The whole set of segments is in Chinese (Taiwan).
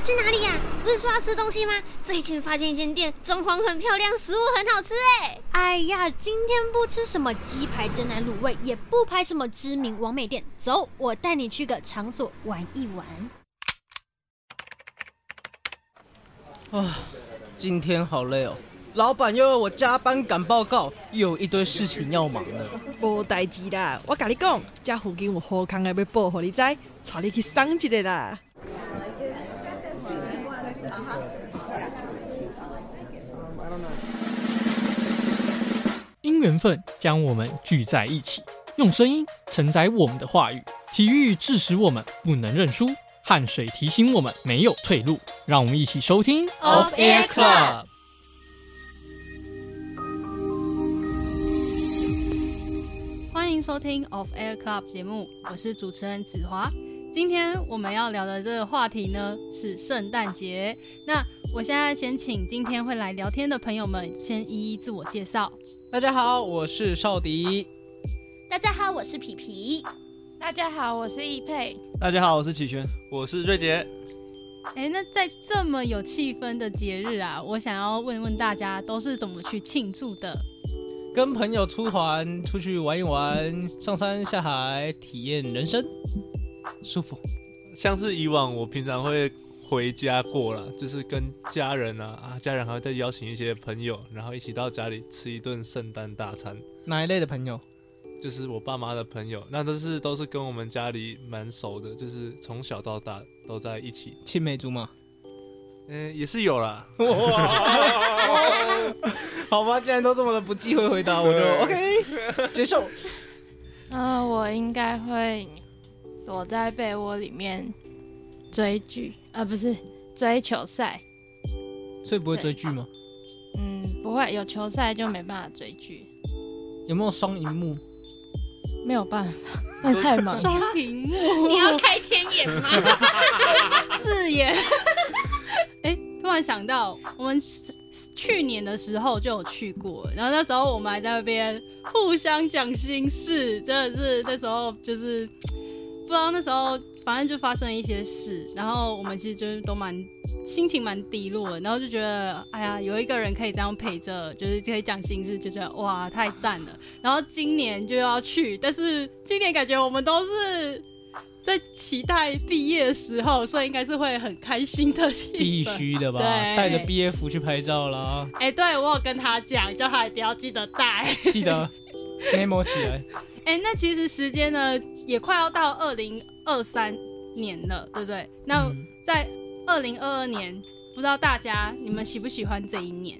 去哪裡呀，啊？不是說要吃東西嗎？最近發現一間店，裝潢很漂亮，食物很好吃，欸，哎！呀，今天不吃什麼雞排、珍奶、滷味，也不拍什麼知名網美店，走，我帶你去個場所玩一玩。啊，今天好累哦，喔，老闆又要我加班趕報告，又有一堆事情要忙的。無代志啦，我甲你講，家附近我好康的要你，要報福利仔，帶你去賞一個啦。因、uh、緣 -huh. um, 分將我們聚在一起，用聲音承載我們的話語。體育致使我們不能認輸，汗水提醒我們沒有退路。讓我們一起收聽 Off Air Club。歡迎收聽 Off Air Club 節目，我是主持人子華。今天我們要聊的這個話題呢，是聖誕節。那我現在先請今天會來聊天的朋友們先一一自我介紹。大家好，我是少迪。大家好，我是皮皮。大家好，我是易佩。大家好，我是啟璇；我是瑞杰。哎、欸，那在這麼有氣氛的節日啊，我想要問問大家都是怎麼去慶祝的？跟朋友出團出去玩一玩，上山下海，體驗人生。舒服，像是以往我平常會回家過啦，就是跟家人啊啊，家人還會再邀請一些朋友，然後一起到家裡吃一頓聖誕大餐。哪一類的朋友？就是我爸媽的朋友，那都是都是跟我們家裡蠻熟的，就是從小到大都在一起，青梅竹馬。嗯、呃，也是有啦。哇， 好吧，既然都這麼的不忌諱回答，我就 OK 接受。啊、呃，我應該會。躲在被窩裡面追劇啊，不是追球賽？所以不會追劇嗎？嗯，不會，有球賽就沒辦法追劇。有沒有雙螢幕？沒有辦法，那太忙了。雙 螢幕， 你要開天眼嗎？四 眼是耶、 欸。突然想到，我們去年的時候就有去過，然後那時候我們還在那邊互相講心事，真的是那時候就是。不知道那時候，反正就發生了一些事，然後我們其實就是都蠻心情蠻低落的，然後就覺得哎呀，有一個人可以這樣陪着，就是可以講心事，就覺得哇，太讚了。然後今年就要去，但是今年感覺我們都是在期待畢業的時候，所以應該是會很開心的地方，必須的吧？帶着畢業服去拍照啦！哎、欸，對，我有跟他講，叫他也要記得帶，記得 Memo 起來。哎、欸，那其實時間呢？也快要到二零二三年了，對不對？那在二零二二年，不知道大家你們喜不喜歡這一年？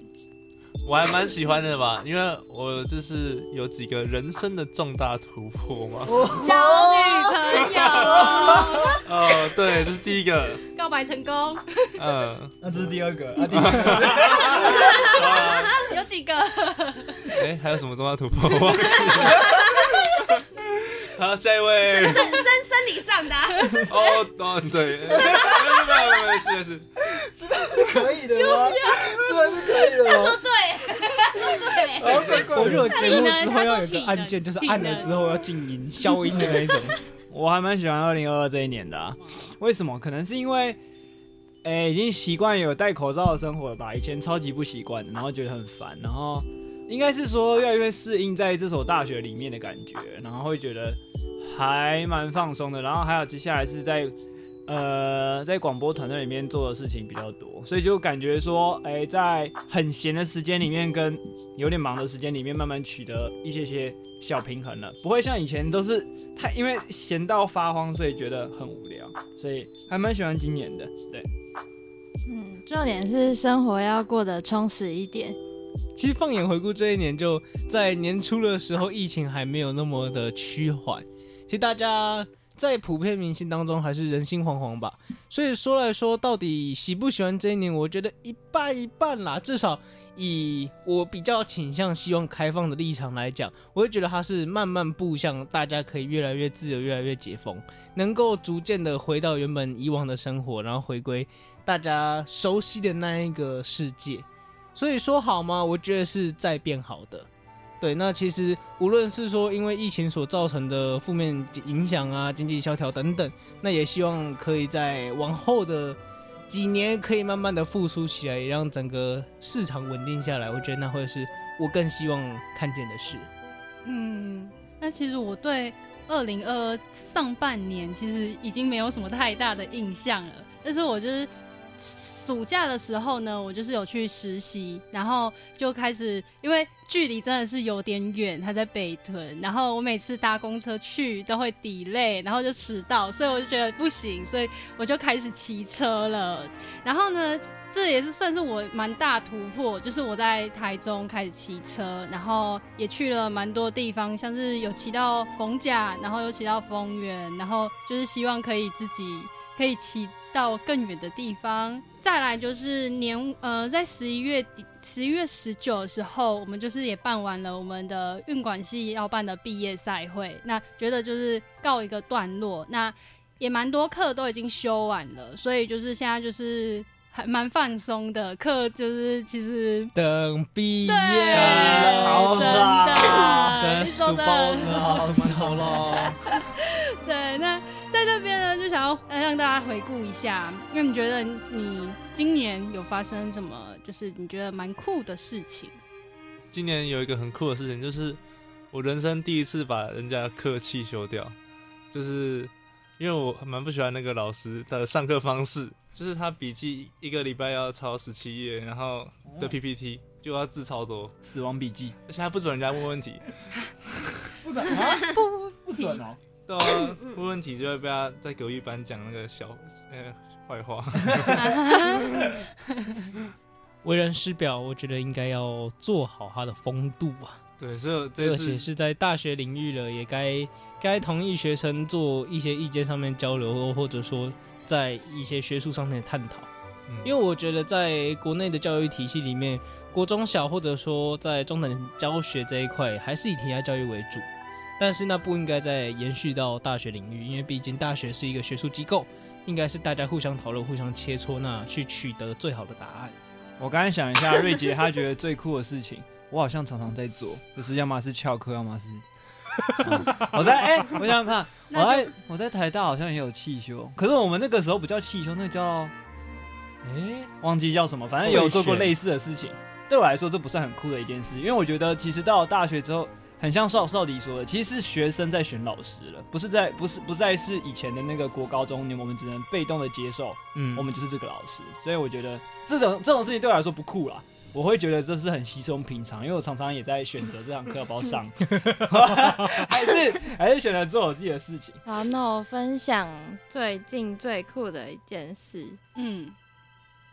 我還蠻喜歡的吧，因為我就是有幾個人生的重大突破嘛，哦、 交女朋友。哦、 呃，對，這、就是第一個，告白成功。嗯、呃， 那這是第二個，啊， 啊 啊 啊 有幾個？哎、 欸，還有什麼重大突破？忘記了 好，下一位。身身生理上的、啊。哦 ，oh, oh, 對。沒事沒事，真的是可以的嗎？的 是可以的。他說對。哈 乖 對哈哈哈。我錄節目之後要有一個按鍵， 體 體 就是按了之後要靜音、 消音的那一種。我還蠻喜歡二零二二這一年的、啊，為什麼？可能是因為，哎，已經習慣有戴口罩的生活了吧？以前超級不習慣然後覺得很煩，然後應該是說越來越適應在這所大學裡面的感覺，然後會覺得。還蠻放鬆的，然後還有接下來是在，呃，在廣播團隊裡面做的事情比較多，所以就感覺說，哎、欸，在很閒的時間裡面跟有點忙的時間裡面慢慢取得一些些小平衡了，不會像以前都是太因為閒到發慌，所以覺得很無聊，所以還蠻喜歡今年的，對，嗯，重點是生活要過得充實一點。其實放眼回顧這一年，就在年初的時候，疫情還沒有那麼的趨緩。其實大家在普遍民心當中還是人心惶惶吧，所以說來說到底喜不喜歡這一年，我覺得一半一半啦。至少以我比較傾向希望開放的立場來講，我會覺得它是慢慢步向大家可以越來越自由、越來越解封，能夠逐漸的回到原本以往的生活，然後回歸大家熟悉的那一個世界。所以說好嗎？我覺得是在變好的。對，那其實無論是說因為疫情所造成的負面影響啊，經濟蕭條等等，那也希望可以在往後的幾年可以慢慢的復甦起來，也讓整個市場穩定下來。我覺得那會是我更希望看見的事。嗯，那其實我對二零二二上半年其實已經沒有什麼太大的印象了，但是我就是。暑假的時候呢，我就是有去實習，然後就開始，因為距離真的是有點遠，他在北屯，然後我每次搭公車去都會 delay，然後就遲到，所以我就覺得不行，所以我就開始騎車了。然後呢，這也是算是我蠻大突破，就是我在台中開始騎車，然後也去了蠻多地方，像是有騎到逢甲，然後有騎到豐原，然後就是希望可以自己可以騎。到更遠的地方。再來就是年，呃，在十一月底，十一月十九的時候，我們就是也辦完了我們的運管系要辦的畢業賽會。那覺得就是告一個段落，那也蠻多課都已經修完了，所以就是現在就是還蠻放鬆的課，課就是其實等畢業等了，好爽啊， 真的， 好輕鬆了。 要讓大家回顧一下，那你覺得你今年有發生什麼？就是你覺得蠻酷的事情。今年有一個很酷的事情，就是我人生第一次把人家的課棄修掉，就是因為我蠻不喜歡那個老師的上課方式，就是他筆記一個禮拜要抄十七頁，然後的 PPT 就要字超多，死亡筆記，而且還不准人家問問題， 不准啊，不不准、喔對，問問題就會被他在隔壁班講那個小呃壞、欸、話。為 人師表，我覺得應該要做好他的風度啊。對，所以這次而且是在大學領域了，也該該同意學生做一些意見上面交流，或者說在一些學術上面探討、嗯。因為我覺得在國內的教育體系裡面，國中小或者說在中等教學這一塊，還是以填鴨教育為主。但是呢，不應該再延續到大學領域，因為畢竟大學是一個學術機構，應該是大家互相討論、互相切磋那，那去取得最好的答案。我剛才想一下，瑞杰他覺得最酷的事情，我好像常常在做，就 是要麼是翹課，要麼是，啊……我在哎，欸，我想想看，我在我在台大好像也有棄修，可是我們那個時候不叫棄修，那叫……哎，欸，忘記叫什麼，反正有做過類似的事情。對我來說，這不算很酷的一件事，因為我覺得其實到了大學之後。很像少少迪說的，其實是學生在選老師了，不是在，不是不再是以前的那個國高中，你我們只能被動的接受，嗯，我們就是這個老師。所以我覺得這種這種事情對我來說不酷啦，我會覺得這是很稀鬆平常，因為我常常也在選擇這堂課包上， 還是還是選擇做我自己的事情。好，那我分享最近最酷的一件事，嗯，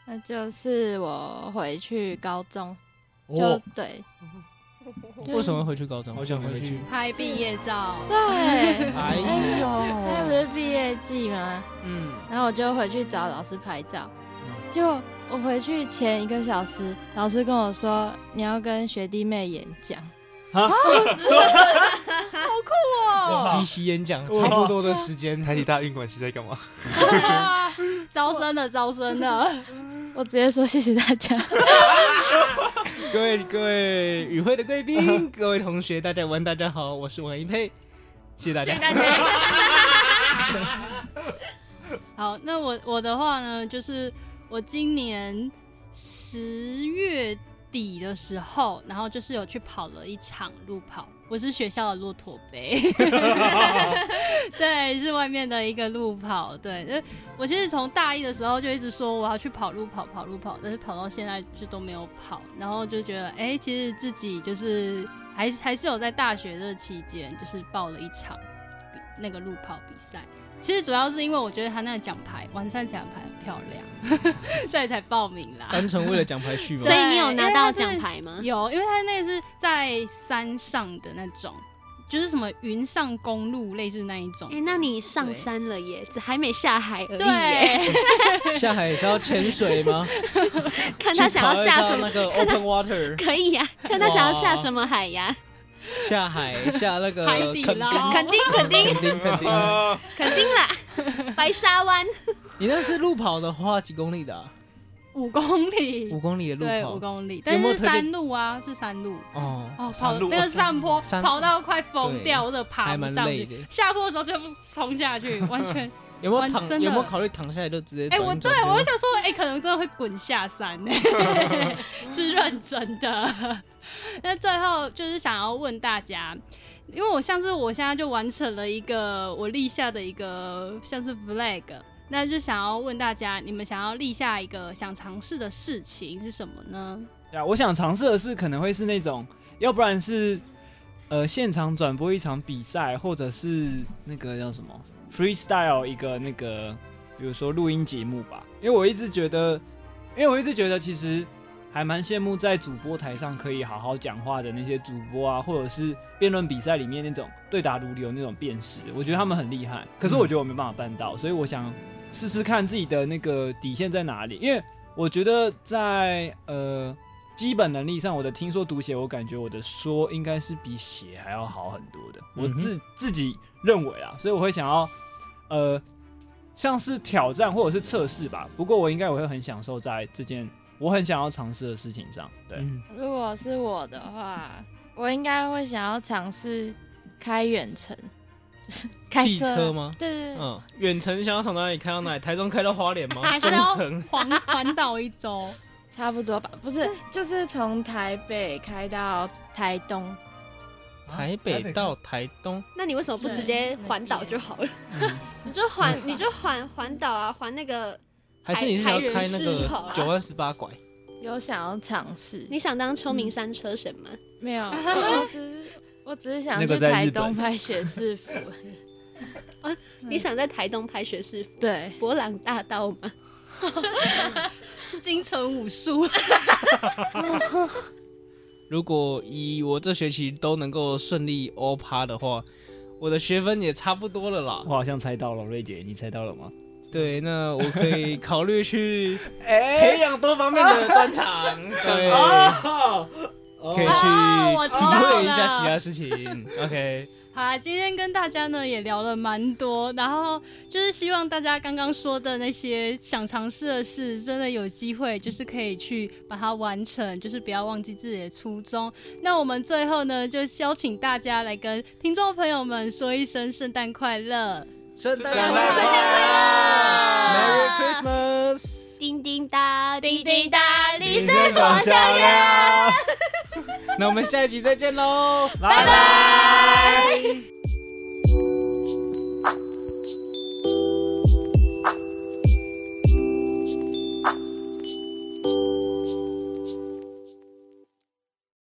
那就是我回去高中，就、Oh. 對。為什麼回去高中？我想回去拍畢業照對。對，哎呦，現在不是畢業季嗎？嗯，然後我就回去找老師拍照。嗯、就我回去前一個小時，老師跟我說，你要跟學弟妹演講。啊？ 好酷哦、喔！即席演講，差不多的時間， 台體大運管系在幹嘛 招？招生的，招生的。我直接說謝謝大家。 各位各位與會的貴賓， 各位同學，大家問大家好，我是王一沛，謝謝大家。謝謝大家。 好，那我我的話呢，就是我今年十月底的時候，然後就是有去跑了一場路跑。我是學校的駱駝盃 對，是外面的一個路跑，對，我其實從大一的時候就一直說我要去跑路跑、跑路跑，但是跑到現在就都沒有跑，然後就覺得，哎、欸，其實自己就是還還是有在大學的期間就是報了一場那個路跑比賽，其實主要是因為我覺得他那個獎牌，完善獎牌。漂亮，現在才報名啦，單純為了獎牌去嗎？所以你有拿到獎牌嗎？有，因為他那個是在山上的那種，就是什麼雲上公路，類似那一種。哎、欸，那你上山了耶，只還沒下海而已耶。對 下海是要潛水嗎？ 看他想要下什麼？看他，open water 可以，啊，看他想要下什麼海呀，啊？下海下那個海底撈？肯定肯定肯定肯定肯定 白沙灣 ，你那是路跑的話，幾公里的、啊？五公里，五公里的路跑，對五公里，但是有有山路啊，是山路哦哦，哦路跑喔、路那個上坡跑到快瘋掉了，或者爬不上去，下坡的時候就衝下去，完全 有沒有躺有沒有考慮躺下來就直接轉轉就？哎、欸，我對我想說，哎、欸，可能真的會滾下山、欸， 是認真的。那 最後就是想要問大家。因為我像是我現在就完成了一個我立下的一個像是 flag，那就想要問大家，你們想要立下一個想嘗試的事情是什麼呢？對啊，我想嘗試的是可能會是那種，要不然是，是呃現場轉播一場比賽，或者是那個叫什麼 freestyle 一個那個，比如說錄音節目吧。因為我一直覺得，因為我一直覺得其實。還蠻羨慕在主播台上可以好好講話的那些主播啊，或者是辯論比賽裡面那種對答如流那種辯士，我覺得他們很厲害。可是我覺得我沒辦法辦到，嗯、所以我想試試看自己的那個底線在哪裡。因為我覺得在呃基本能力上，我的聽說讀寫，我感覺我的說應該是比寫還要好很多的，嗯、我自自己認為啊，所以我會想要呃像是挑戰或者是測試吧。不過我應該我會很享受在這件。我很想要嘗試的事情上，對。如果是我的話，我應該會想要嘗試開遠程，就是汽車,車嗎？對對,對，嗯，遠程想要從哪裡開到哪裡？台中開到花蓮嗎？台中。環環島一周？ 差不多，吧。不是，就是從台北開到台東、啊，台北到台東。那你為什麼不直接環島就好了？ 你就環，你就環環島啊，環那個。還是你是要開那個九彎十八拐，啊啊？有想要嘗試？你想當秋名山車神嗎？嗯、沒有、啊我，我只是想去台東拍學士服，那個。啊，你想在台東拍學士服？對，伯朗大道嗎？ 金城武樹。 如果以我這學期都能夠順利歐趴的話，我的學分也差不多了啦。我好像猜到了，瑞姐，你猜到了嗎？對，那我可以考慮去哎， 培養多方面的專長，欸、對、 哦，可以去體、哦、會一下其他事情。 OK，好啦，今天跟大家呢也聊了蠻多，然後就是希望大家剛剛說的那些想嘗試的事，真的有機會就是可以去把它完成，就是不要忘記自己的初衷。那我們最後呢，就邀請大家來跟聽眾朋友們說一聲聖誕快樂，聖誕快樂。Merry Christmas！叮叮當，叮叮當，鈴聲多響亮 那我們下一集再見嘍，拜拜。